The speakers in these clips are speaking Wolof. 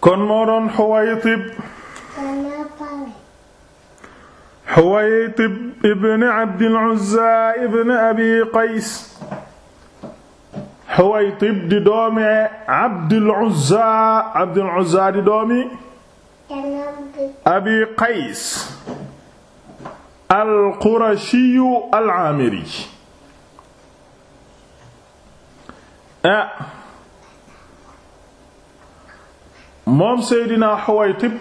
kon moo doon Xuwaytib Xuwaytib ibn Abdil Uzza ibn Abi Qays Xuwaytib di doomi Abdil Uzza Abdil Uzza di doomi Abi Qays al-Qurashiyu al-Aamiri eh, moom Seydina Xuwaytib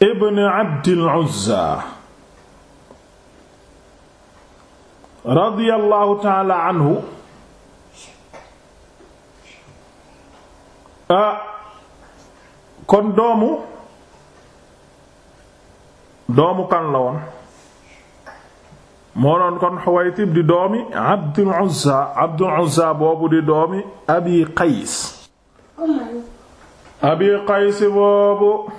ibn Abdil Uzza radiyallahu taala anhu kon doomu doomu kan la woon kon Xuwaytib di doomi Abdul Uzza Abdul Uzza boobu di doomi Abi Qays abi qays boobu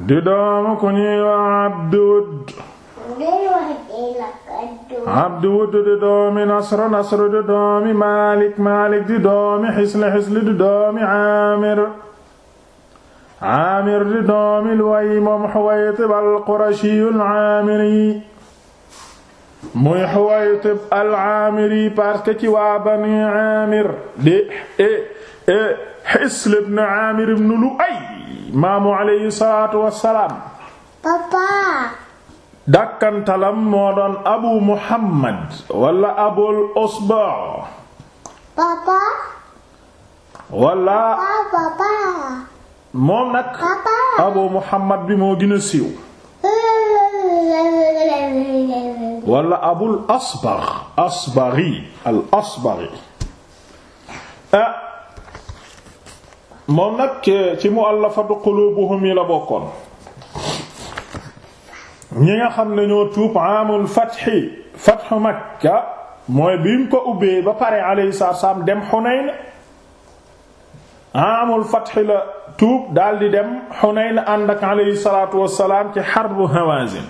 di doomu ku ñuy wax abduwud abduwud di doomi nasr nasr di doomi maalik maalik di doomi xisli xisli di doomi aamir di doomi luway moom xuwaytib al qurashiyu al aamiri muy Huwaytib al-Aamiri parce que ci waa Bani Aamir di e, e, Hisl ibn Aamir ibn Lu'ay maamu alayhi salaatu wassalaam papa dàkkantalam moo doon Abu Muhammad wala Abul Asbagh papa wala papa moom nag Abu Muhammad bi moo gën a wala abul asbar asbari al asbari ah moom nag ci mu'allafatu qulubuhum yi la bokkoon ñi nga xam ne ñoo tuub amul fathi fathu makka mooy biñ ko ubbee ba pare alayhi salaam dem Hunayn amul fathi la tuub daldi dem Xunayn ànd ak aleyhi salaatu wassalaam ci xarbu Hawaazin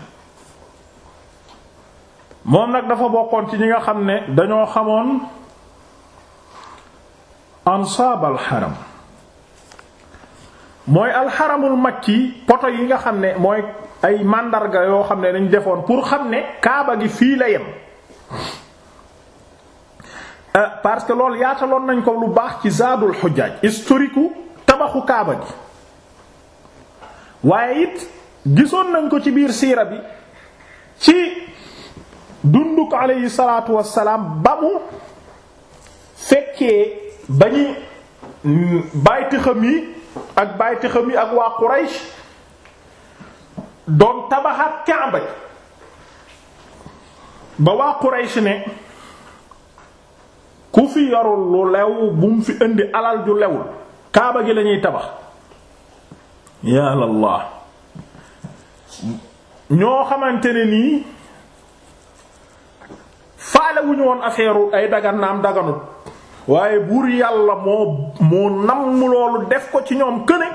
moom nag dafa bokkoon ci ñi nga xam ne dañoo xamoon ansaab alxaram mooy alxaramul ci poto yi nga xam ne mooy ay màndarga yoo xam ne dañ defoon pour xam ne kaaba gi fii la yem euh, parce que loolu yaataloon nañ ko lu baax ci zaadul xujjaaj historique tabaxu kaaba gi waaye it gisoon nañ ko ci biir siira bi ci dunduk alayhi salaatu wassalaam ba mu fekkee ba ñu bayti xam yi ak bayti xam yi ak waa Quraysh doon tabaxaat kaaba gi ba waa Quraysh ne ku fi yorul lu lew bu mu fi indi alal ju lewul kaaba gi lañuy tabax ya Allah ñoo xamante ne nii faale woon affaire ay dagan naam waaye buur yàlla moo moo namm loolu def ko ci ñoom këne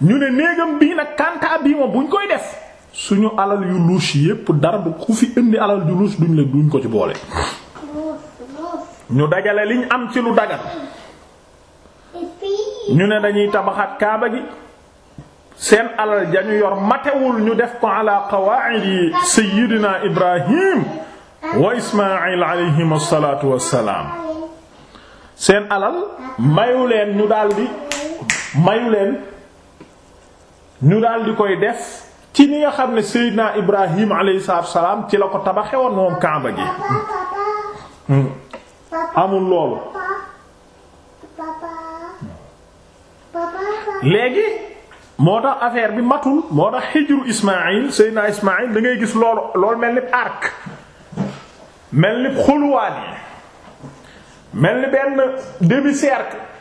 ñu ne néegam bii nag kanta bii moom buñ koy def suñu alal yu luus yépp dara du ku fi indi alal yu luus duñ la duñ ko ci boole ñu dajale liñ am ci lu dagan ñu ne dañuy tabaxaat kaaba gi seen alal jañu yor matewul ñu def ko ala qawaa'idi sayyidina ibrahim wa ismaa'il alayhim assalaatu wassalaam seen alal mayu leen ñu daldi mayu leen ñu daldi koy def ci ni nga xam ne seydina ibrahim alayhi salaatu salaam ci la ko tabaxewoon moom kaaba gi hmm. amul loolu léegi moo tax affaire bi matul moo tax xijru Ismaïl Seydina Ismaïl da ngay gis loolu loolu mel ni arc mel ni xulwaat yi mel ni benn demi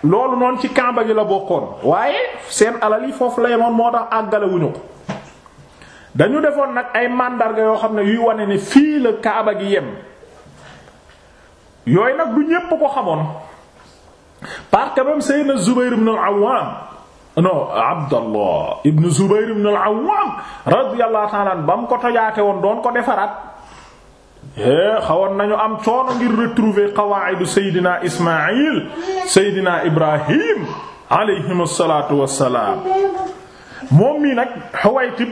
loolu noonu ci kamba gi la bokkoon waaye seen alal yi foofu la yemoon moo tax àggale wuñu ko dañu defoon nag ay màndarga yoo xam ne yuy wane ne fii la kaaba gi yem yooyu nag du ñépp ko xamoon parce que même Seydina Zubayr am al-Awwam non Abdallah ibn Zubayr ibn al-Awwam radiyallahu ta'ala ba mu ko tojaate woon doon ko defaraat xawoon nañu am coono ngir retrouver qawaa'idu Seydina Ismaïl Seydina Ibrahim alayhim asalatu wassalaam moom mii nag Huwaytib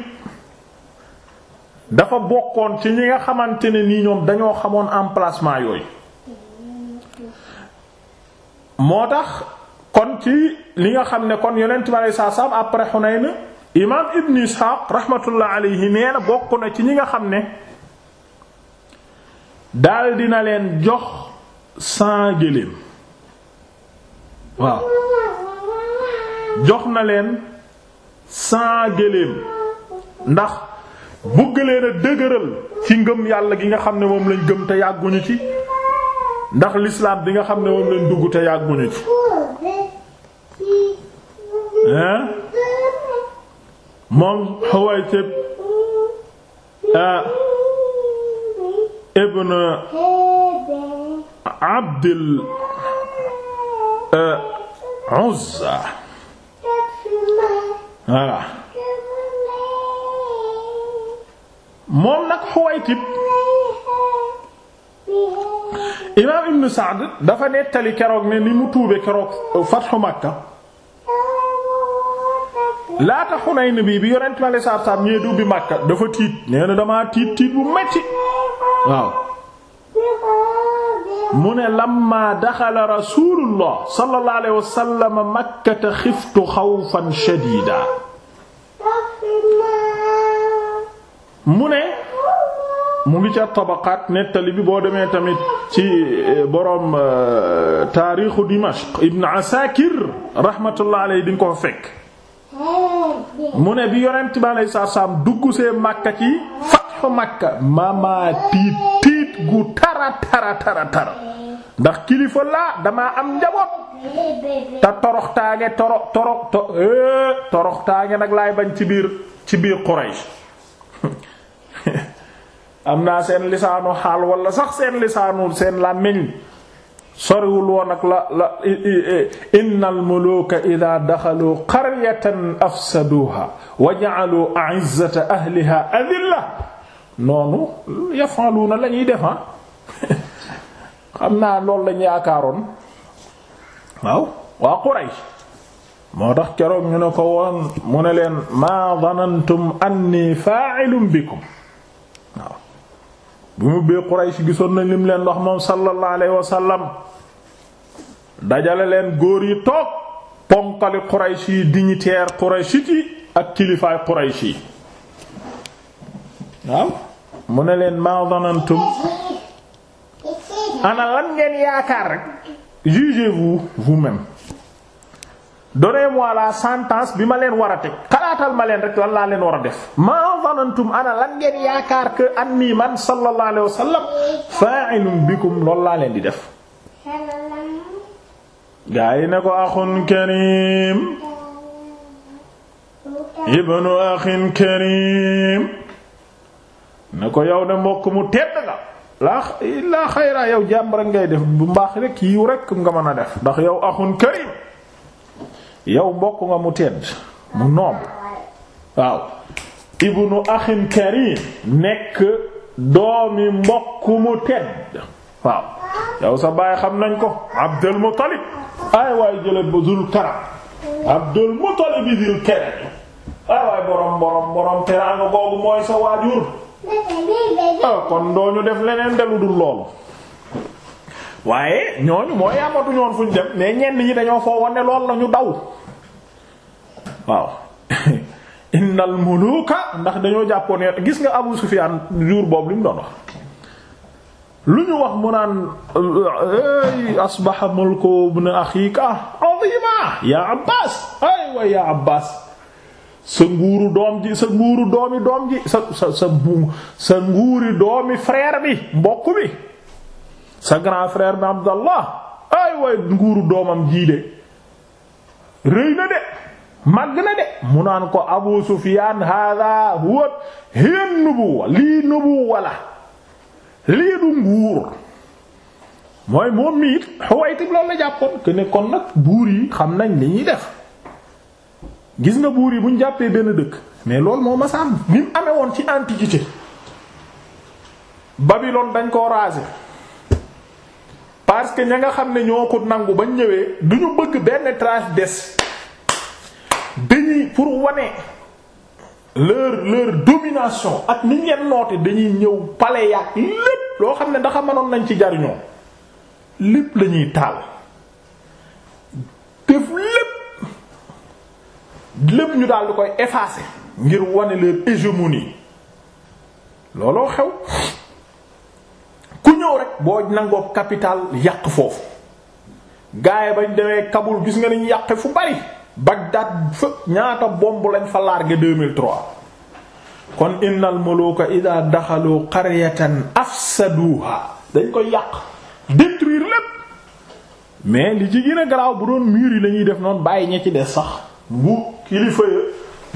dafa bokkoon ci ñi nga xamante ne nii ñoom dañoo xamoon emplacement yooyu moo tax ci li nga xam ne kon yonent bi aleyhi salaatu salaam après Hunayn imaam Ibn Ishaq rahmatullah aleyhi nee na bokk na ci ñi nga xam ne daal dina leen jox cent gëléem waaw jox na leen cent gëléem ndax bëgg leen a dëgëral ci ngëm yàlla gi nga xam ne moom lañ gëm te yàgguñu ci ndax lislaam bi nga xam ne moom lañ dugg te yàgguñu ci ah moom Xuwaytib ibn Abdil eh, Uzza voilà moom nag Xuwaytib imaam Ibn Saad dafa nettali keroog ne ni mu tuube keroog fatxu Makka laata Xunayn bii bi yonent ma la Makka dafa tiit nee na damaa tiit tiit bu metti waaw mu ne lamma daxala rasulullah xiftu xawfan shadida mu ne mu ngi ca tabaqaat nettali bi boo demee tamit ci e, boroom e, taarixu Dimashq Ibn Asakir rahmatullah alayhi di ko fekk mu ne bi yonent bi aleyhi salaatu dugg see Makka ci makk ma mama tiit tiit gu tara tara tara tara ndax kilifa laa damaa am njaboot te toroxtaange toro toro to eh, toroxtaange nag laay bañ ci biir ci biir Quraysh am naa seen lisaanu xaal wala sax seen lisaanu seen làmmiñ soriwul woon ak la la innal muluuka idaa daxalu qaryatan afsaduha wa ja'alu a'izzata ahliha adilla noonu yafaluuna la ñuy def xam naa loolu lañu yaakaaroon waaw waa Quraysh moo tax keroog ñu ne ko woon mu ne leen maa dhanantum anni faa'ilun bikum waaw bu mu bee Quraysh gisoon nañ lim leen ndox moom sallallahu alayhi dajale leen góor yi toog ponkali Quraysh yi dignitaire Quraysh yi ak kilifaay Quraysh yi waaw mu ne leen ma dhanantum ana ngeen yaakaar rek donnez-moi la sentence bi ma leen war a teg xalaatal ma leen rek lan laa leen war a def ma zanantum ana lan ngeen yaakaar que anni man sallallahu alayhi wasallam fa'ilun bikum loolu laa leen di def gaa yi ne ko axun karim ibnu axin karim ne ko yow de mbokk mu tedd nga laa xayraa yow jàmm rek ngay def bu mbaax rek yiw rek nga mën a def ndax yow axun karim yow mbokk nga mu tedd mu noble waaw ibnu axin karim nekk doomi mbokk mu tedd waaw yow sa baay xam nañ ko abdul muttalib ay waay jële ba zul karam abdul muttalib yi zul ay waay borom borom borom teraanga googu mooy sa waajur ah, kon doo ñu def leneen delu dul loolu waaye ñooñu mooy amatu fu ñu dem mais ñenn ñi dañoo foo wone lool la ñu daw waaw innal muluka ndax dañoo jàppoon gis nga Abu Sufyan jour boobu li mu doon wax lu ñu wax mu naan asbaha mulku ibn akhika azima ya abbas ay wa ya abbas sa nguuru doom ji sa nguuru doomi doom ji sa sa sa nguuri doomi frère bi mbokk bi sa grand frère bi Abdallah ay waay nguuru doomam gii de rëy na de màgg na de mu naan ko Abu Sufyan hada huwa hiya nubuwa lii nubuwa la lii du nguur mooy moom mi it Huwaytib loolu la jàppoon que ne kon nag buur yi xam nañ li ñuy def gis nga buur yi bu ñu jàppee benn dëkk mais loolu moo masaam ni mu amee woon ci antiquité Babylone dañ koo raser parce que ña nga xam ne ñoo ko nangu ba ñëwee du ñu bëgg benn trace des dañuy pour wane leur leur domination ak ni ngeen noote dañuy ñëw pale yàq lépp loo xam ne dafa manoon nañ ci jariñoo lépp lañuy ñuy taal def lépp lépp ñu daal di koy effacer ngir wane leur hégémonie looloo xew ku ñëw rekk boo nangoo capital yàq foofu gaay bañ demee Kaboul gis nga ni ñu yàqe fu bari Bagdad fa ñaata bomb lañ fa largué 2003 kon innal ko ida daxalu qaryatan afsaduha dañ koy yàq détruire lépp mais li ci gën a garaaw bu doon mur yi la ñuy def noon bàyyi ña ci des sax bu kilifa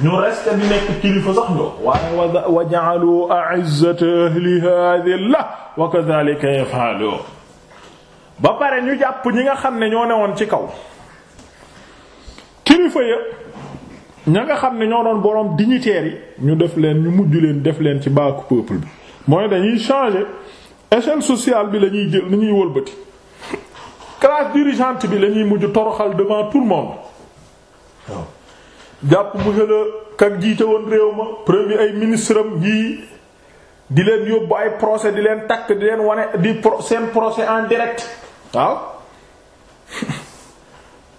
ñu reste di nekk kilifa sax ñoo waaye wa ja'alu a'izzata ahliha dhillah wa kadhalika yaf'alu ba pare ñu jàpp ñi nga xam ne ñoo ne woon ci kaw kilifa ya ña nga xam ne ñoo doon boroom dignitaires yi ñu def leen ñu mujj leen def leen ci baaku peuple bi mooy dañuy changer échelle sociale bi lañuy ñuy jël ni walbati wëlbati classe dirigeante bi lañuy mujj toroxal devant tout le monde jàpp monsieur le kan jiite woon réew ma premier ay ministre am yii di leen yóbbu ay procès di leen takk di leen wane di seen procès en direct waaw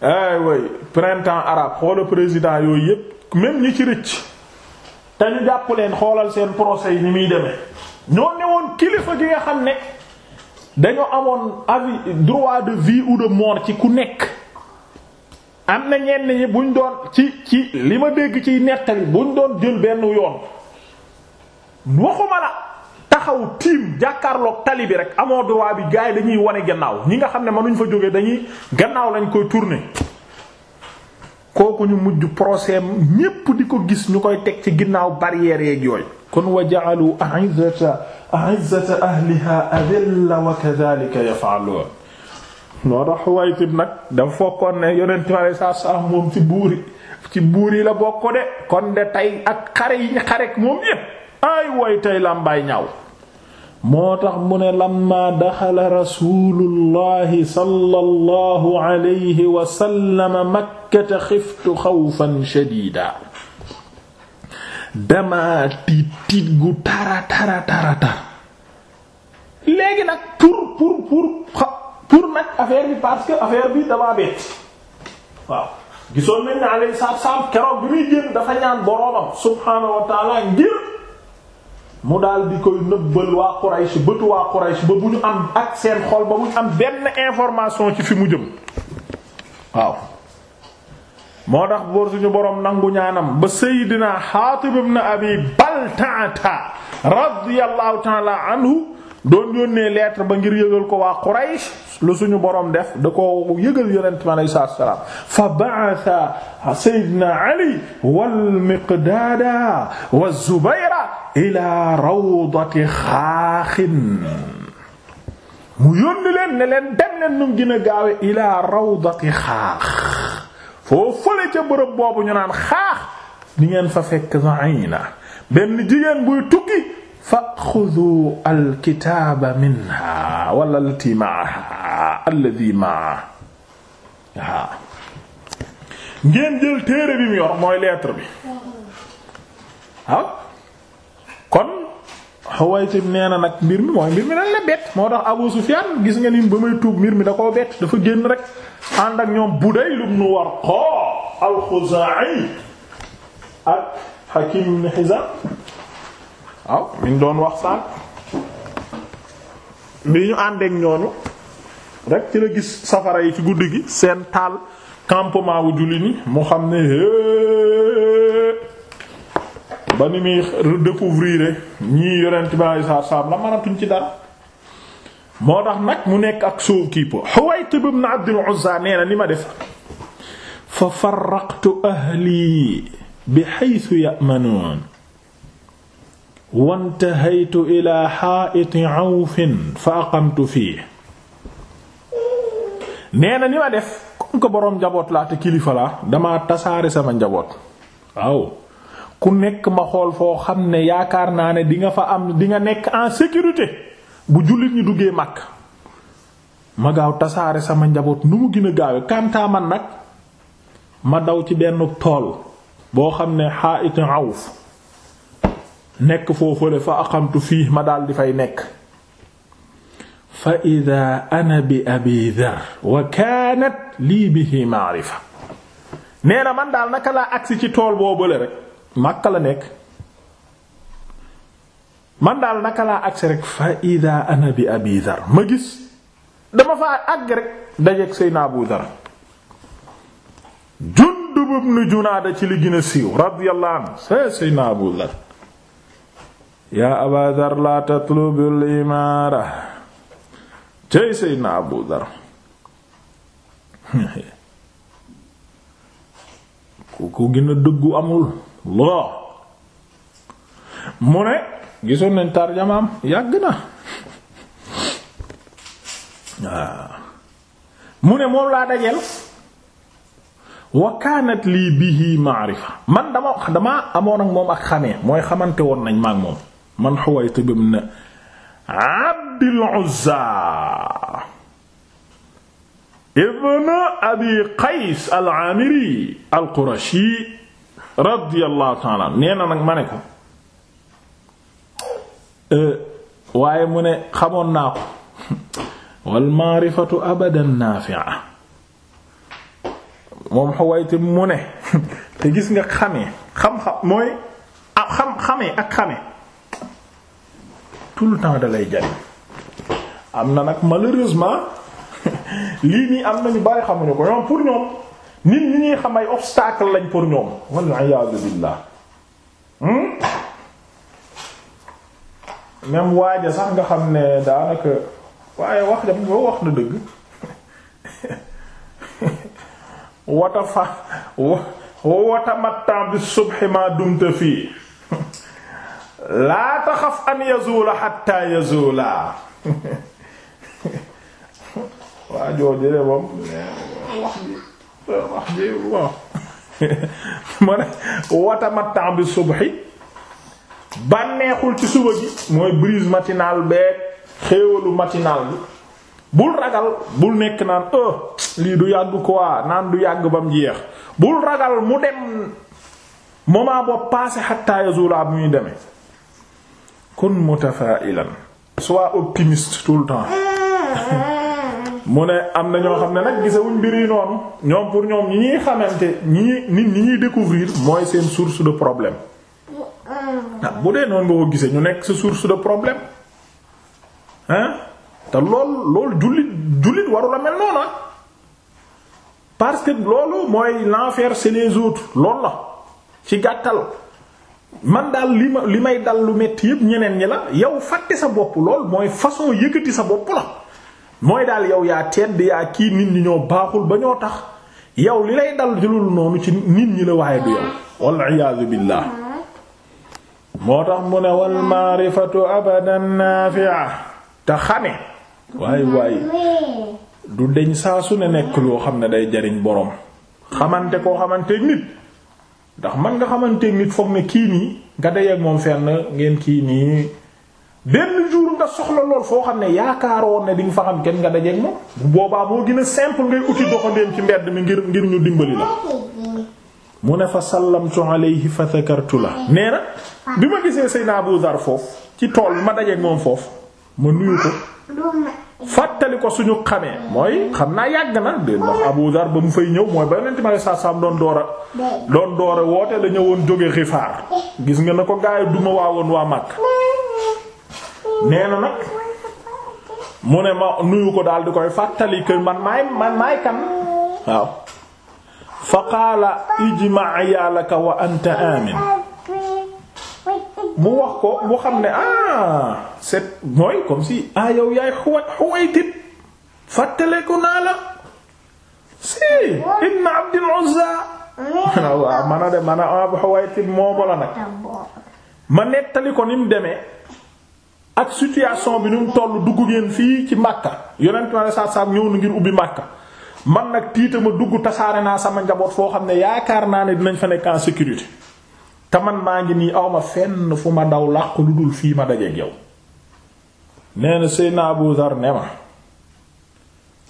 ay way eh printemps arabe xoola président yooyu yépp même ñi ci rëcc te ñu jàpp leen xoolal seen procès yi ñu muy demee ñoo ne woon kilifa gi nga xam ne dañoo amoon avis droit de vie ou de mort ci ku nekk am na ñenn ñi buñ doon ci ci li ma dégg ciy nettali buñ doon jël benn yoon waxuma la taxaw tiim jàkkaarloog tali bi rek amoo droit bi gars yi dañuy wane gannaaw ñi nga xam ne mënuñ fa jóge dañuy gannaaw lañ koy tourner. kooku ñu mujj procès ñépp di ko gis ñu koy teg ci ginnaaw barrières yeeg yooyu. kon wa ja'alu a'izzata a'izzata ahliha adilla wa kadhalika yaf'alun noo tax Xuwaytib nag dafa fokkoon ne yonent mi aleyhi salaatu moom ci buuri ci buur yi la bokk de kon de tey ak xare yi ñu xarek moom yépp ay woy tey làmbaay ñaaw moo tax mu ne lamma daxala rasulullahi sallallahu alayhi wa sallam makkata xiftu xawfan shadida dama tiit tiit gu tara tara tara tara léegi nag pour pour pour pour nag affaire bi parce que affaire bi damaa bett waaw gisoon nañ ne alayhi salaatu salaam keroog bi muy génn dafa ñaan boroomam subhaanahu wa ngir mu daal di koy nëbbal waa Quraysh bëtu waa Quraysh ba bu ñu am ak seen xol ba bu am benn information ci fi mu jëm waaw moo tax boor suñu boroom nangu ñaanam ba Seydina Xaatib ibn Abi Baltaata radiyallahu ta'ala anhu doon yónnee lettre ba ngir yëgal ko waa Quraysh lu suñu boroom def da ko yëgal yonent bi alayhi salaatu wa salaam fa ba'atha sayyidina Ali wal Miqdaada wa Zubayra ila rawdati mu yónni leen ne leen dem Xaax foo fële ca bërëb boobu ñu naan Xaax ni ngeen fa fekk Zaina benn jigéen buy tukki faaxudu alkitaaba minha wala allati maaha alladi ngeen jël téere bi mu yor mooy lettre bi kon Xuwaytib nee na nag mbir mi mooy mbir mi dañ la bett moo tax Abu Sufyaan gis nga ni ba may tuub mbir mi da koo bett dafa génn rek ànd ak ñoom Budayl ibnu Warqa al-Xuzaa'i ak Hakim ibn Hizaam waaw miñ doon wax sànq bi ñu àndeek ñooñu rek ci la gis safara yi ci guddi gi seen taal campement wu julli ni mu xam ne ba ni muy redécouvrir ñii yonent bi alei saatu salaam la mënatuñ ci dara moo tax nag mu nekk ak soow kiipa Huwaytib ibn Abdul Uzza nee ni ma def fa farraqtu ahli bi haythu ya'manun wante wantahaytu ila xaa'iti awfin fa aqamtu fii nee na ni ma def comme que boroom njaboot laa te kilifa la dama tasaare sama njaboot waaw ku nekk ma xool foo xam ne yaakaar naa ne di nga fa am di nga nekk en sécurité bu jullit ñi duggee màkk ma gaaw tasaare sama njaboot nu mu gën a gaawe man nag ma daw ci benn tool boo xam ne xaa'iti awf nekk foofale fa aqamtu fii ma daal di fay nekk fa ida ana bi abi dhar wa kaanat lii bihi maarifa nee na man daal naka laa agsi ci tool boobale rek la daal naka laa agsi rek bi abi ma gis dama fa àgg rek dajeeg Seydina Abu Dhar Jundub ibn Junaada ci li gën a siiw radiyallahu anhu Seydina Abu Dhar yaa aba dar laa tatlubul imaara céy seydna abu dar ku ku gën dëggu amul loo mu ne gisoon nañ tarjamaam yàgg na waaw mu ne moom laa dajeel wa lii bihi maarifa man dama damaa amoon ak moom ak xamee mooy xamante woon nañ maak moom man Huwaytib ibn Abdil Uzza ibn Abi Qays al-Amiri al-Qurashi radiyallahu ta'ala nee na nag ma ne ko euh, waaye mu ne xamoon naa ko wal ma'rifatu abadan naafi'a moom Huwaytib mu ne te gis nga xamee xam-xam mooy xam ah, xamee ak xamee tout le temps da lay jariñ am na nag malheureusement lii nii am nañu bari xamuñu ko ñoom pour ñoom nit ñi ñuy xam obstacle lañ pour ñoom walla iyaadu billaah hmm? même waaja sax nga xam ne daanaka waaye wax jam boo wax na dëgg wata fa wata mattan bi subhi ma dumta fii laa taxaf an yazuula xatta yazuula waa jooju de moom wax bi wax bi bon ma ne watamataan bi subhi bànneexul ci suba gi mooy brise matinale beeg xéewalu matinale bi bul ragal bul nekk naan euh, lii du yàgg quoi naan du yàgg bam jeex bul ragal mu dem moment boo passé xatta yazuula bu ñuy demee kun mutafailan sois optimiste tout le temps mu ne am na ñoo xam ne nag gisawuñ mbir yi noonu ñoom pour ñoom ñi ñuy xamante ñi ñuy nit ñi ñuy découvrir mooy seen source de problème ah, bu dee noonu nga ko gisee ñu nekk si source de problème hein te lool lool jullit jullit waru mel noonu ah. parce que loolu mooy l'enfer c'est les autres loolu la ci gàttal man daal li li may dal lu metti yëpp ñeneen ñi la yow fàtte sa bopp lool mooy façon yëkkati sa bopp la mooy daal yow yaa tedd yaa kii nit ñi ñoo baaxul ba ñoo tax yow li lay dal ci loolu noonu ci nit ñi la waaye du yow wal iyaadu billaah moo tax mu ne wal maarifatu abadan te xame waaye waaye du deñ saa su ne nekk loo xam ne day jariñ boroom xamante koo xamante nit ndax man nga xamante nit foog ne kii nii nga dajeeg moom fenn ngeen kii nii benn jour nga soxla lool foo xam ne yaakaaroon ne di nga fa xam kenn nga dajeeg moom bu boobaa moo gën a simple ngay uti doxandéem ci mbedd mi ngir ngir ñu dimbali la mu ne fa sallamtu alayhi fa dhakartu la nee na bi ma gisee Seydina Abu Dhar foofu ci tool ma dajeeg moom foofu ma nuyu ko fàttali ko suñu xamee mooy xam naa yàgg na de ndax Abu Dar ba mu fay ñëw mooy ba yonent ma saa saam doon door a doon door a woote la ñëwoon jóge xifaar gis nga na ko gaay duma waawoon woon waa mag nee na nag mu ne ma nuyu ko daal di koy fàttali kër man maay man maay kan waaw fa qaala ijma' yaalaka wa anta amin mu wax ko mu xam ne ah c'est mooy comme si ah yow yaay xuwa xuwaytib fàttaleku naa la si ibn Abdul Uzza ah. ah, man a de man a ah, xuwaytib moomu la nag ma nettali ko ni mu demee ak situation bi nu mu toll dugg ngeen fii ci Makka yonent ma ne saa saa ñëw na ngir ubbi Makka man nag tiita ma dugg tasaare naa sama njaboot foo xam ne yaakaar naa ne dinañ fa nekk sécurité te man maa ngi nii awma fenn fu ma daw làq lu dul fii ma daje yow nee na Seydina ne ma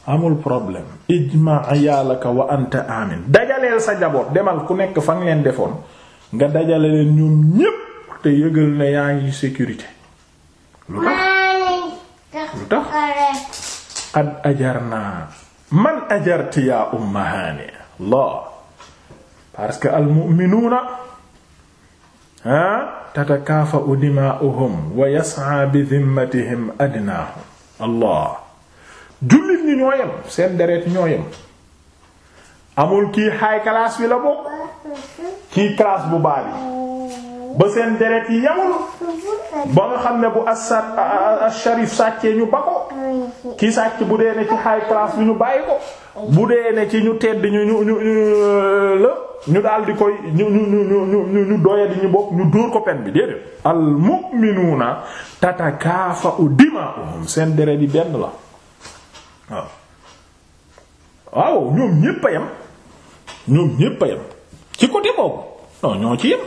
amul problème ijma yaalaka wa anta amin dajaleel sa njaboot demal ku nekk fan leen defoon nga dajale leen ñoom ñépp te yëgal ne yaa ngi sécurité lu tax lu tax ad ajar naa man ajarti yaa umma haani parce que al ah tatakaafa'u dimaa'uhum wa yas'a bi dhimmatihim adnaahum allah jullit ñi ñoo seen deret ñoo amul kii high class bi la bokk kii classe bu baax bi ba seen deret yi yamul ba nga xam ne bu asar asharif sàccee ñu ba ko ki sàcc bu dee ne ci high class bi ñu bàyyi ko bu dee ne ci ñu tedd ñu ñu ñu ñu euh, daal di koy ñu ñu ñu ñu bokk ñu dóor ko pen bi déedéet al mu'minuuna tatakaafa'u dimaa'uhum seen deret yi benn la waaw ñoom ñépp yam ñoom ñépp yam ci côté boobu ñoo ci yam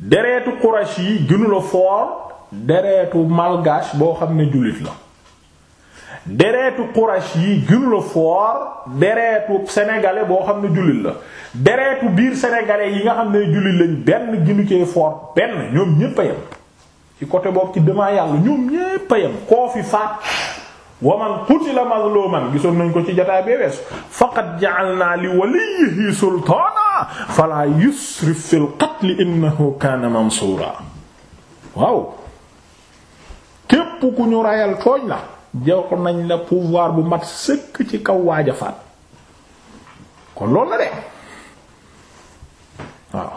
dereetu Quraysh yi gënula foor dereetu malgache boo xam ne jullit la dereetu Quraysh yi gënula foor dereetu sénégalais boo xam ne jullit la dereetu biir sénégalais yi nga xam ne jullit lañ benn ginu cee foor benn ñoom ñépp a ci côté boobu ci demaa yàlla ñoom ñépp a yem koo fi faat waman qutila mazluman gisoon nañ ko ci jotaay bee weesu faqad ja'alna li waliyhi sultaana fala yusrif fil qatl innahu kaana mansuura waaw képp ku ñu rayal tooñ la jox nañ la pouvoir bu mat sëkk ci kaw waaja faat kon loolu la de waaw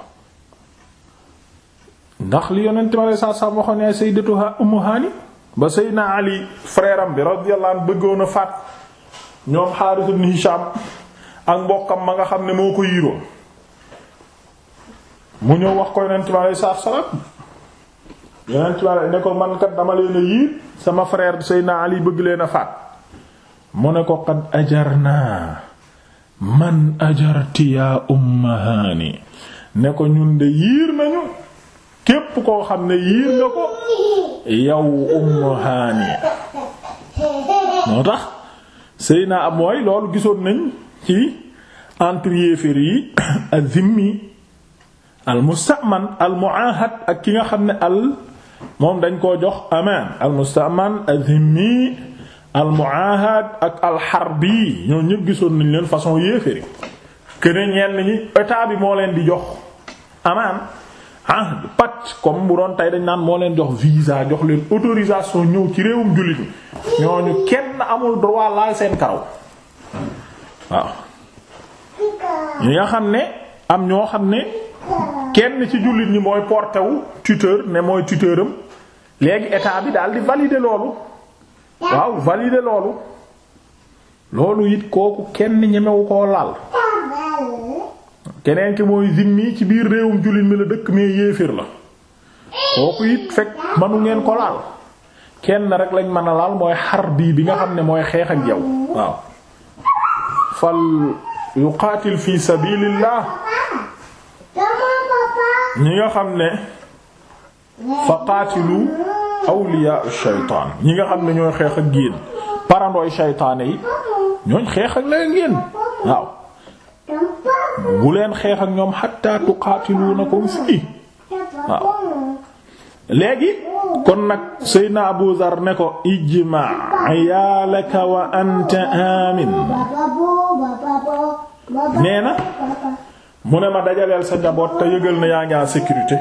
ndax li yonent ma lay saa saa waxoon ne sayyidatu Ummu Haani ba Seydina Ali frère am bi radiyallahu anhu bëggoon a faat ñoom Haaris ibn Hisham ak mbokkam ma nga xam ne moo ko yiiroon mu ñëw wax ko yonent bi aleyhi salaatu wa salaam yonent bi ne ko man dama leen yiir sama frère Seydina Ali bëgg leen a faat mu ne ko qad ajarna man ajarti yaa umma haani ne ko ñun de yiir nañu képp koo xam ne yiir nga ko yow umma haani moo tax sëy Seydina am mooy loolu gisoon nañ ci entre yéeféer yi azimmi al musta'man al mu'ahad ak ki nga xam ne al moom dañ koo jox amaan al musta'man azimmi al mu'ahad ak al harbi ñoo ñëpp gisoon nañ leen façon yéeféri kene ñenn ñi état bi moo leen di jox amaan ahd pat comme bu doon tey dañ naan moo leen jox visa jox leen autorisation ñëw ci réewum jullit ñooñu kenn amul droit laal seen karaw waaw ñi nga xam ne am ñoo xam ne kenn ci jullit ñi mooy porté wu tuteur ne mooy tuteuram léegi état bi daal di valider loolu waaw valider loolu loolu it kooku kenn ñemewu koo laal keneen ki mooy zimmi ci biir réewum jullit mi la dëkk mais yéefir la kooku it fekk manu ngeen ko laal kenn rek lañ mën a laal mooy xar bii bi nga xam ne mooy xeex ak yow waaw fal yuqaatil fi sabilillah ñi nga xam ne fa qaatilu awliyaa shaytaan ñi nga xam ne ñooy xeex ak génn parandooy shaytaane yi ñooñ xeex ak leen génn waaw bu leen xeex ak ñoom hatta tuqaatiluunakum fii léegi kon nag Seydina Abu Zar ne ko ijma yaalaka wa anta amin nee na mu ne ma dajaleel sa njaboot te yëgal na yaa ngi en sécurité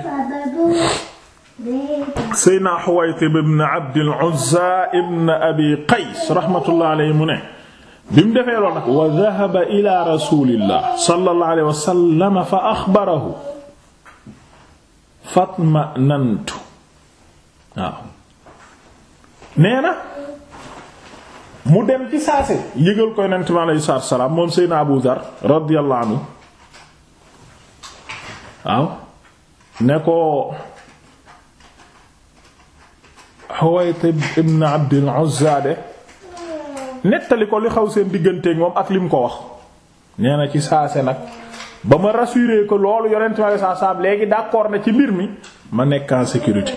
Seydina Huwaytib ibn Abdil Uzza ibn Abi Qays rahmatullah alayhi mu ne bi mu defee lool nag wa dhahaba ila rasulillah sallallahu alayhi wa sallam fa axbarahu fatma'nantu waaw nee na mu dem ci saase yëgal ko Yonent bi alayhi salaam moom Seydina Abu Dhar radiyallahu anhu waaw ne ko Huwaytib ibn Abdul Uzza de nettali ko li xaw seen digganteeg moom ak li mu ko wax nee na ci saase nag ba ma rassuré ko loolu yonent ma saa saam léegi d'accord na ci mbir mi ma nekk en sécurité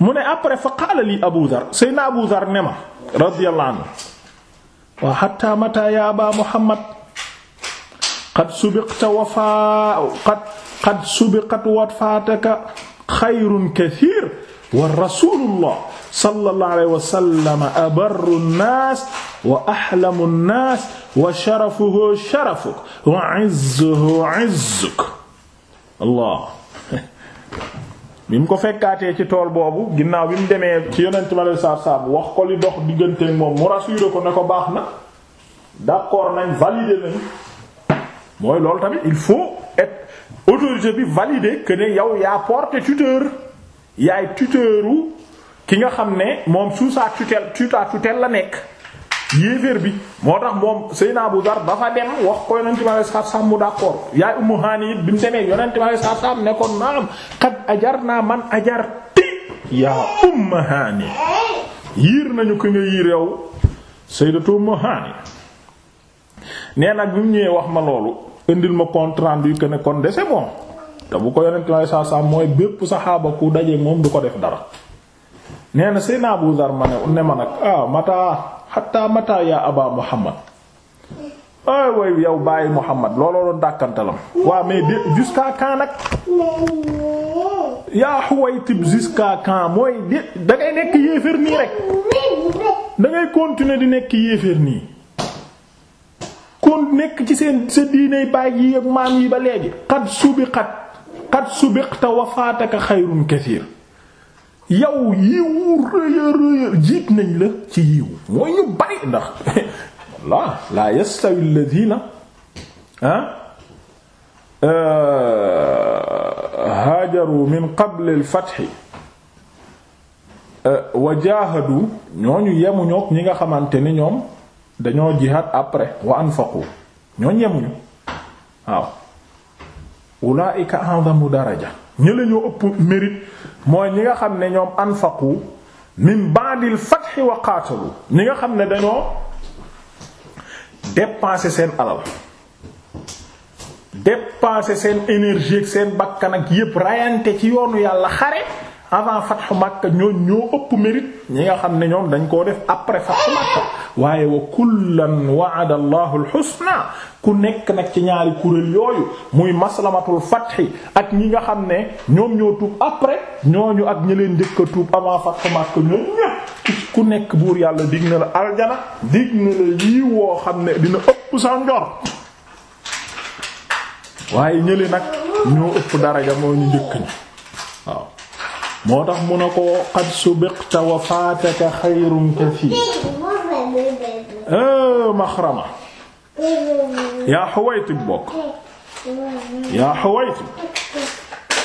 mu ne après fa qaala li Abu Dhar Seydina Abu Dhar ne ma radiyallahu anhu wa hatta mata ya Aba Muhammad qad subiqta wafa qad qad subiqat wafaataka xayrun kasiir wa rasulullah sallallahu alayhi wa sallam abarru nnaas wa axlamu nnaas wa sharafuhu sharafuk wa izzuhu izzuk Allah bi mu ko fekkaatee ci tool boobu ginnaaw bi mu demee ci yonent ma saab saab wax ko li dox diggante moom mu rassuré ko ne ko baax na d'accord nañ validé nañ mooy loolu tamit il faut être autorité bi valider que ne yow yaa porté tuteur yaay tuteuru ki nga xam ne moom sous sa tutelle tuta tutelle la nekk yéeféer bi moo tax moom naa bu Dar dafa dem wax ko yonente bi alei satu salaam mu d'accord yaay Ummu Haani it bi mu demee yonente bi alei satu salaam ne ko naam qad ajarna man ajarti yaa Ummu Haani yiir nañu ko nga yiir yow Sayyidatu Ummu Haani nee nag bi mu ñëwee wax ma loolu indil ma compte rendu que ne kon bon te bu ko yonent lay saa mooy bépp saxaaba ku daje moom du ko def dara nee na Seydina Abu Zar ma ne ne ma nag ah mata xataa mata yaa aba Muhammad ay way yow bàyyi Muhammad looloo doon dàkkantalam waaw mais de jusqu'à quand nag yaa Huwaytib jusqu'à quand mooy de dangay nekk yéeféer nii rek dangay continuer di nekk yéeféer nii nekk ci seen sa diiney baay yi ak maam yi ba léegi xat subiqat xat subiqta wafaataka xayrun kasiir yow yiwu rëya rëya jiit nañ la ci yiw mooy ñu bari ndax la laa yastawi alladhina ah, euh, haajaru min qabli al-fathi euh, wa jaahadu ñooñu yemuñook ñi nga xamante ni ñoom dañoo jihaad après wa anfaqu ñooñ yemuñu waaw ulaa'ika dara ja ñi la ëpp mérite mooy ñi nga xam ne ñoom anfaqu min ba'dil fathi wa qaatalu ñi nga xam ne dañoo dépenser seen alal dépenser seen énergie ak seen bakkan ak yépp rayante ci yoonu yàlla xare avant fatxu Makka ñoo ñoo ëpp mérite ñi nga xam ne ñoom dañ koo def après fatxu Makka waaye wa kullan wa'ada Allahu al ku nekk nag ci ñaari kuréel yooyu muy maslamatul fatxi ak ñi nga xam ne ñoom ñoo tuub après ñooñu ak ñi leen njëkk a tuub avant fatxu Makka ñoom ku nekk buur yàlla dig la aljana dig na la lii woo xam ne dina ëpp sa waaye ñëli nag ñoo ëpp daraja moo ñu njëkk ñi waaw moo tax mu ne ko qad subiqta wa faataka xayrun eh, maxrama yaa Xuwaytib bokk yaa Xuwaytib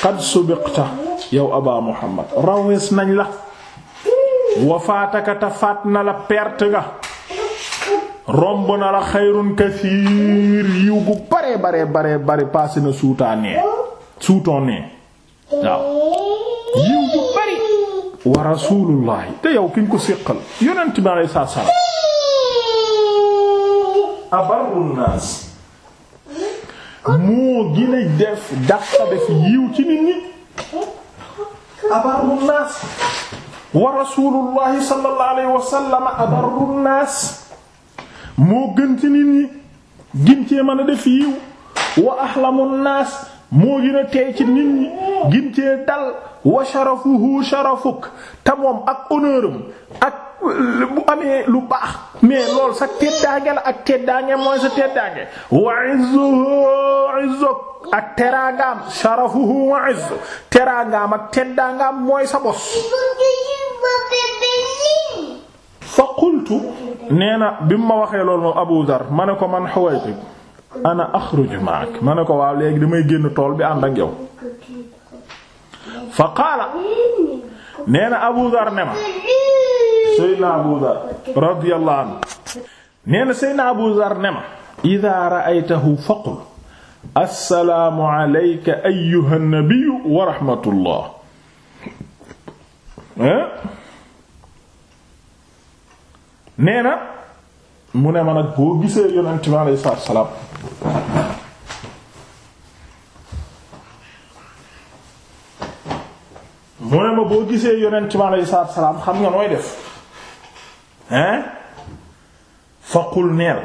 qad subiqta yow Aba Muhammad rawis nañ la wa faataka ta faat na la perte nga romb na la xayrun kathir yiw gu bare bare bare bare paase na suutaa nee suutoo nee waaw wa rasulullahi te yow ki nga ko séqal yonent bi alei saatu salaam abarru naas moo gën a def dàqa def yiw ci abarru naas wa rasulullahi sallallahu moo gën ci nit gin cee mën def yiw wa ahlamu naas moo gën a tey ci nit ñi gin cee wa sharafuhu sharafuk te ak honneuram ak lu baax mais lool sa teddaange la ak teddaange mooy sa teddaange wa izzuk ak teraangaam sharafuhu wa izzu teraangaam ak teddaangaam mooy sa bos fa qultu nee na bi mu ma waxee lool moom Abu Dhar ma ne ko man Huwaytib ana axruju ma'ak ma ne ko waaw léegi damay génn tool bi ànd ak yow fa qaala nee na Abu Dhar ne ma Seydina Abu Dhar radiyallahu anhu nee na Seydina Abu Dhar ne ma idaa ra'aytahu faqul assalaamu alayka ayyuha nabiyyu wa rahmatullah eh? nee na mu ne ma nag boo gisee yonent bi alayhi salaam mu ne ma boo gisee yonent mi aleyhi salaatu salaam xam nga nooy def hein faqul neel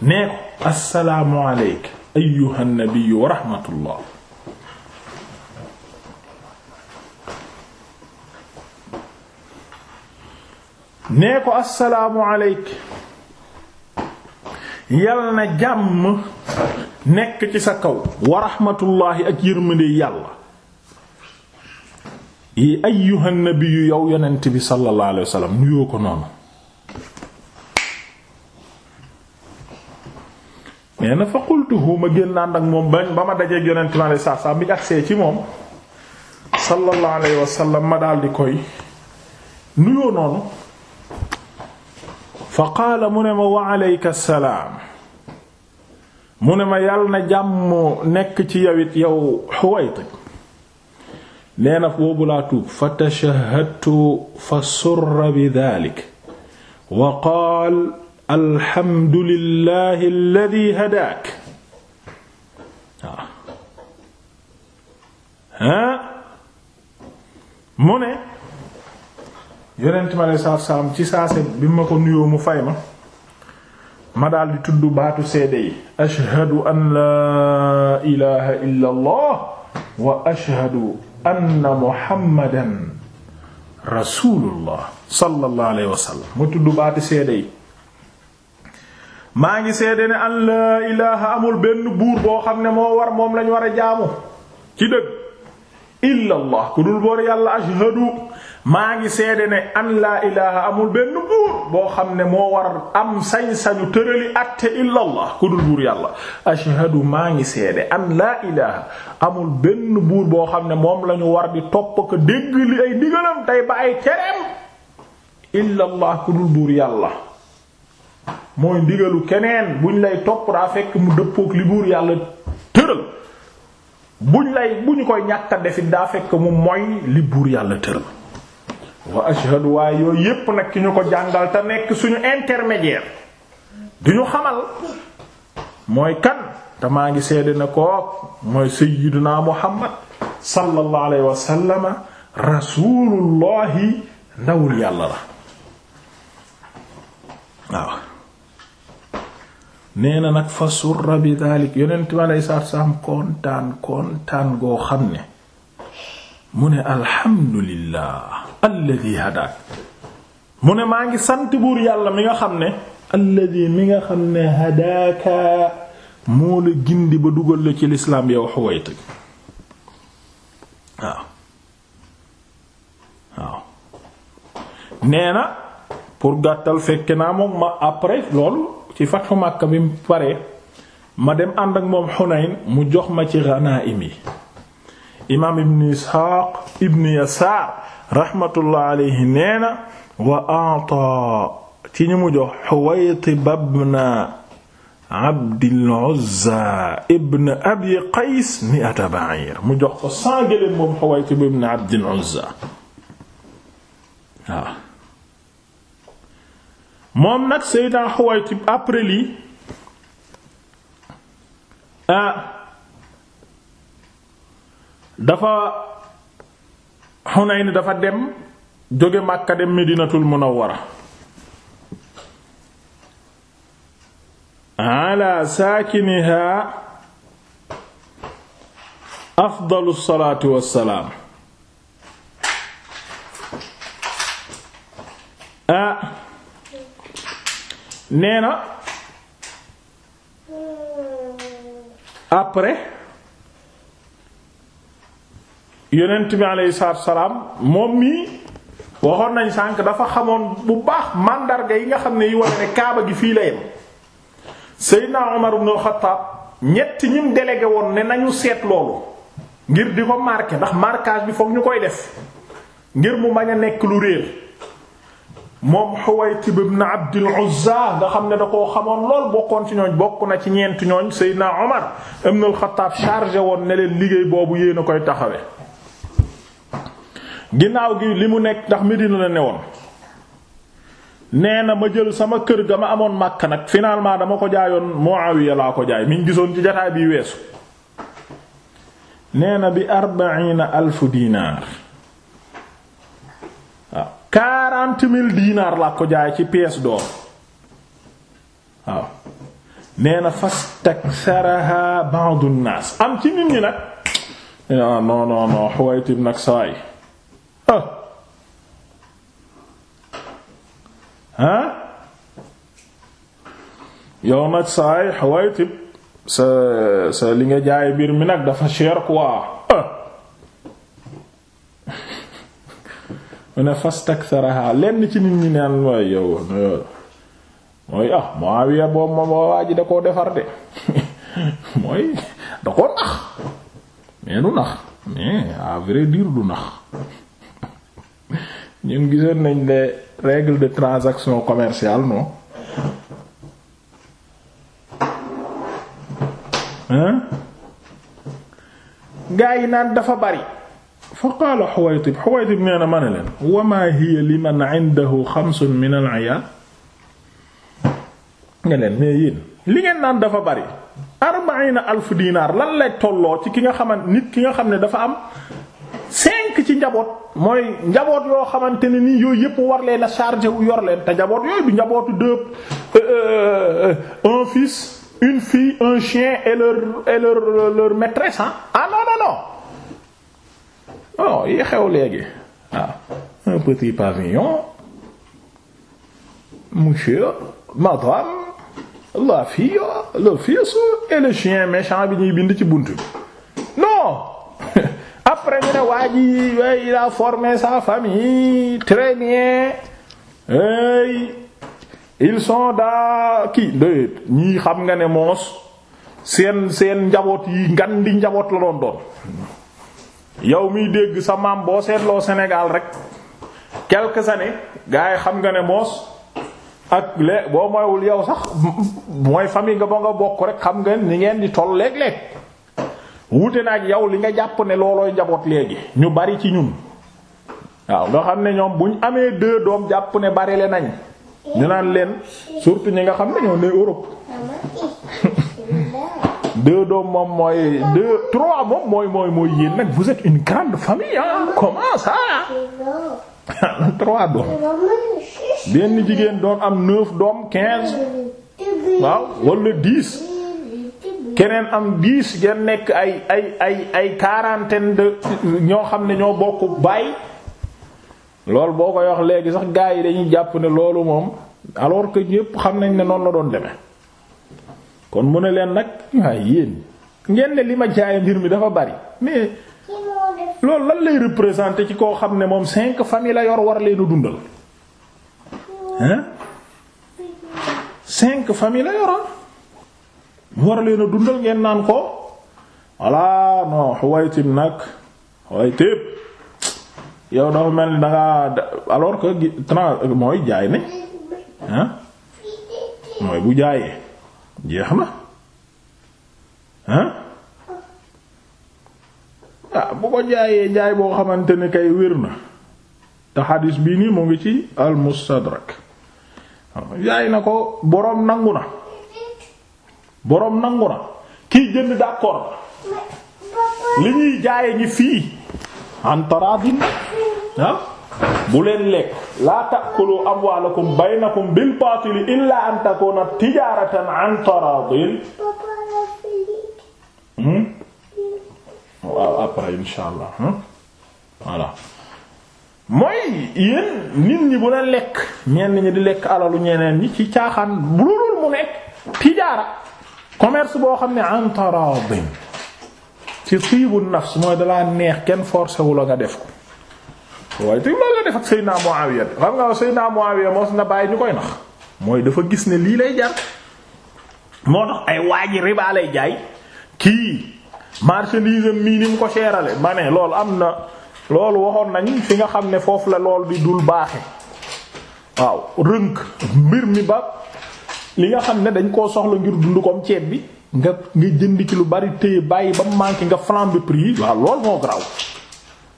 nee ko assalaamu aleyk ayyuha nabiyyu wa rahmatullah nee ko assalaamu aleyk yal na jàmm nekk ci sa kaw wa ak yërmande yàlla yi ayyuhan nabiyyu yow yonent bi sallallahu alayhi wa nuyoo ko noonu nee na fa qultuhu ma génn ànd ak moom ba ma dajee yonent bi alayhi salaatu salaam bi agsee ci moom sallallahu alayhi wa sallam ma daal di koy nuyoo noonu fa qaala mu ne ma wa aleyka salaam mu ne ma yàlla na jàmm nekk ci yawit yow Xuwaytib nee na boobu laa tuub fa tashahadtu fa surra bi daalik wa qaal alhamdulillahi alladi hadaak ha mu ne yonent ma lay saaf saam ci saase bi ma ko nuyoo mu fay ma ma daldi tudd baatu seede yi ashhadu an laa ilaha illa wa ashhadu anna muhammadan rasulullah sallallahu alayhi wa mu tudd baatu seede yi ngi seede ne an laa ilaha amul benn buur boo xam ne moo war moom lañ war a jaamu ci dëgg illa ku dul boor yàlla ashhadu maa ngi seede ne an laa ilaha amul benn buur boo xam ne moo war am sañ-sañu tërali atte illallah ku dul buur yàlla ashhadu maa ngi seede an laa ilaha amul benn buur boo xam ne moom lañu war di topp ko dégg li ay digalam tey ba ay tereem illallah ku dul buur yàlla mooy ndigalu keneen buñ lay topp daa fekk mu dëppook li buur yàlla tëral buñ lay bu ñu koy ñàkk a defit daa fekk mu moy li buur yàlla tëral wa ashhadu waaye yooyu yépp nag ki ñu ko jàngal te nekk suñu intermédiaire du ñu xamal mooy kan te maa ngi seede na kook mooy sayyiduna muhammad sallallahu alayhi wa sallama rasulullahi ndawul yàlla la waaw nee na nag fa surra bi daalik yonent bi aleyhi salaatu salaam kontaan kontaan goo xam ne mu ne alhamdulillah alladi hadaak mu ne maa ngi sant buur yàlla mi nga xam ne alladi mi nga xam ne hadaaka moo la gindi ba dugal la ci lislaam yow Xuwayt waaw waaw nee na pour gàttal fekke naa moom ma après loolu ci Fathu Makka bi mu paree ma dem ànd ak moom Xunayn mu jox ma ci ghanaaim yi imaam ibn Isxaaq ibn Yasaar rahmatullah alayhi nee na wa ata ci ñu mu jox Huwaytib ibn Abdil Uzza ibn Abi Qays mi'ata ba'ir mu jox ko cent gëléem moom Huwaytib ibn Abdil Uzza waaw moom nag Seydina Huwaytib après lii ah, dafa Hunayn dafa dem jóge màkka dem Medinatul Munawwara ala saakiniha afdalu salaatu wassalaam nee na après yonent bi aleyhi salaatu salaam moom mii waxoon nañ sànq dafa xamoon bu baax màndarga yi nga xam ne yi wane ne kaaba gi fii la yem Seydina Umar ibn al-Khattab ñett ñim délégué woon ne nañu seet loolu ngir di ko marqué ndax marquage bi fokk ñu koy def ngir mu bañ a nekk lu réer moom Huwaytib ibn Abdul Uzza nga xam ne da koo xamoon lool bokkoon ci ñooñ bokk na ci ñeenti ñooñ Seydina Umar ibn al-Khattab chargé woon ne leen liggéey boobu yéen a koy taxawee. ginnaaw gi li mu nekk ndax Medina la ne woon nee na ma jël sama kër ga ma amoon Makka nag finalement dama ko jaayoon Muawiya laa ko jaay mi ngi gisoon ci jataay bi weesu nee na bi arbaina alfu diinaar waaw quarante mille diinaar laa ko jaay ci pièce d'or waaw nee na fastaktharaha ba'du nnaas am ci nit ñi nag ah, non non non nag sawaay ah yow nag saay xawaay tib sa sa li nga jaay biir mi nag dafa cher quoi oh. mu ne fastaktharaha lenn ci nit ñi neen mooy mooy ah Muawiya boobu ma waa ji da koo defar de mooy da koo nax mais du nax mais à vrai du nax ñun gisoon nañ les règles de transaction commerciale non hein gaa yi naan dafa bari fa qaala Huwaytib Huwaytib nee na ma ne leen wa maa hiya liman indahu xamsun min al-iyaal nga leen mais yéen li ngeen naan dafa bari arba'iina alf dinaar lan lay tolloo ci ki nga xaman nit ki nga xam ne dafa am cinq ci njaboot mooy njaboot yoo xamante ne nii yooyu yëpp war leen chargé wu yor leen te njaboot yooyu du njabootu deux euh, euh, un fils une fille un chien et leur et leur leur maîtresse ah non non non non oh, yi xew léegi waaw ah, un petit pavillon monsieur madame la fille le fils et le chien méchant bi ñuy bind ci bunt non après ñu ne waa ji way eh, il a sa fami très bien hey eh, ils sont daa kii déet xam nga ne moos seen seen njaboot yi ngan di njaboot la doon doon yow miy dégg sa maam boo seetloo Sénégal rek quelques années gars yi xam nga ne moos ak lé boo moywul yow sax mooy famille nga ba nga bokk rek xam nga ni ngeen di toll léeg-léeg wute naag yow li nga jàpp ne loolooy njaboot léegi ñu bari ci ñun waaw nga xam ne ñoom buñ amee deux doom jàpp ne bari le nañ ñu naan leen surtout ñi nga xam ne ñoo ne Europe deux doom moom mooy deux trois moom mooy mooy mooy yéen nag vous êtes une grande famille ah trois doom benn jigéen doon am neuf doom quinze waaw wala dix. keneen am dix gen nekk ay ay ay ay quarantaine ñoo xam ne ñoo bokk baay loolu boo koy wax léegi sax gaa yi dañuy jàpp ne loolu moom alors que ñépp xam nañ ne noonu la doon demee kon mu ne leen nag waaye yéen ngeen ne li ma jaay mbir mi dafa bari mais loolu lan lay représenter ci koo xam ne moom cinq famille la yor war leen dundal hein cinq famille la yoroon. mu war leen a dundal ngeen naan ko voilà non Xuwaytib nag Xuwaytib yow dafa mel ni dangaa alors que trans mooy jaay ne ah mooy bu jaayee jeex na ah bu ko jaayee jaay boo xamante ne kay wér na te xadis bii nii mu ngi ci al mustadrak jaay na ko boroom nangu na. boroom nangu na kiy jënd d'accord li ñuy jaaye ñi fii antaradin ah bu leen lekk laa ta'kulu amwaalakum baynakum bil baatili illaa an takuna tijaaratan an taradin hmm? waaw après insha allah hmm? mooy yéen nit ñi bu leen lekk ñenn ñi di lekk alalu ñeneen ñi ci caaxaan bu mu nekk tijaara commerce boo xam ne antaraadin ci tiibu nafs mooy dalaa neex kenn forcé wu nga def ko waaye te loolu la def ak Seydina Muawiya xam nga Seydina Muawiya mos na bàyyi ñu koy nax mooy dafa gis ne lii lay jar moo tax ay waaji riba lay jaay kii marchandise mii ni mu ko seerale ma ne loolu am na loolu waxoon nañ fi nga xam ne foofu la lool di dul baaxe waaw rënk mbir mi ba li nga xam ne dañ koo soxla ngir dund koom ceeb bi nga nga jënd ci lu bari téye bàyyi ba mu manqué nga flambé prix waaw lool moo graw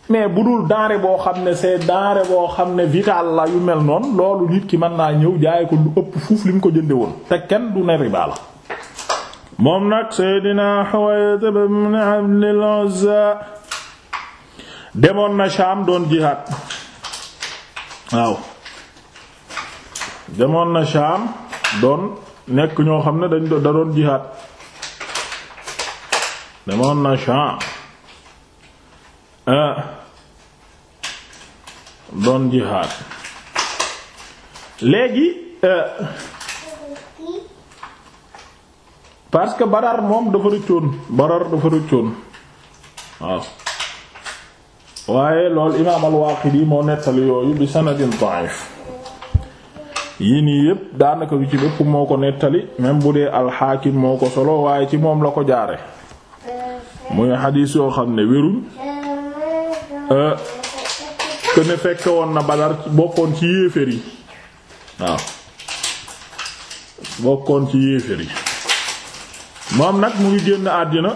mais bu dul denrée boo xam ne c'est denrée boo xam ne vital la yu mel noonu loolu nit ki man naa ñëw jaay ko lu ëpp fuuf li mu ko jënde woon te kenn du ne riba moom nag Seydina Huwayd ibn Abdul Uzza demoon na Sham doon jihaad waaw demoon na Sham doon nekk ñoo xam ne dañ da doon jihaad demoon na Sham eh, doon jihaad léegi eh, parce que Badar moom dafa rëccoon Badar dafa rëccoon waaw waaye loolu imaam al-Waaqidi moo nettali yooyu bi sanadin da'if yii nii yëpp daanaka wi ci bépp moo ko nettali même bu dee alxaakim moo ko solo waaye ci moom la ko jaare muy xadiis yoo xam ne wérul te euh, ne fekke woon na Badar bokkoon ci yéeféer yi waaw bokkoon ci yéeféer yi moom nag mu ngi génn àddina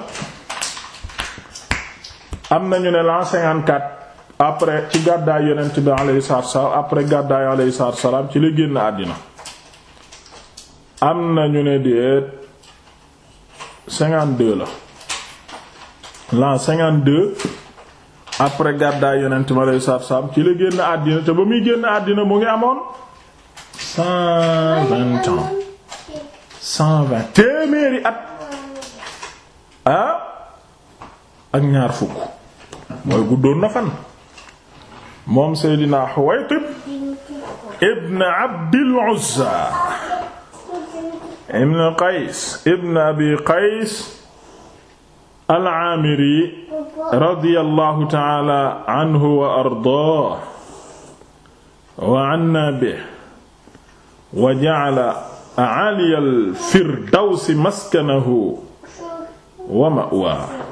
am nañu ne l'an 54 après ci gàddaay yonent bi alayhi salaatu wassalaam après gàddaay alayhi salaatu ci la génn àddina am na ñu ne déet cinquante la l'an cinquante-deux après gàddaay yonent bi alayhi salaatu ci la génn àddina te ba muy génn àddina mu ngi amoon cent vingt téeméeri at ah ak ñaar fukk mooy guddoon na fan moom Seydina Huwaytib ibn Abdil Uzza ibn Qays ibn Abi Qays al-Aamiri radiyallahu ta'ala anhu wa ardaahu wa anna bihi wa ja'ala a'aaliya al-firdawsi maskanahu wa ma'waahu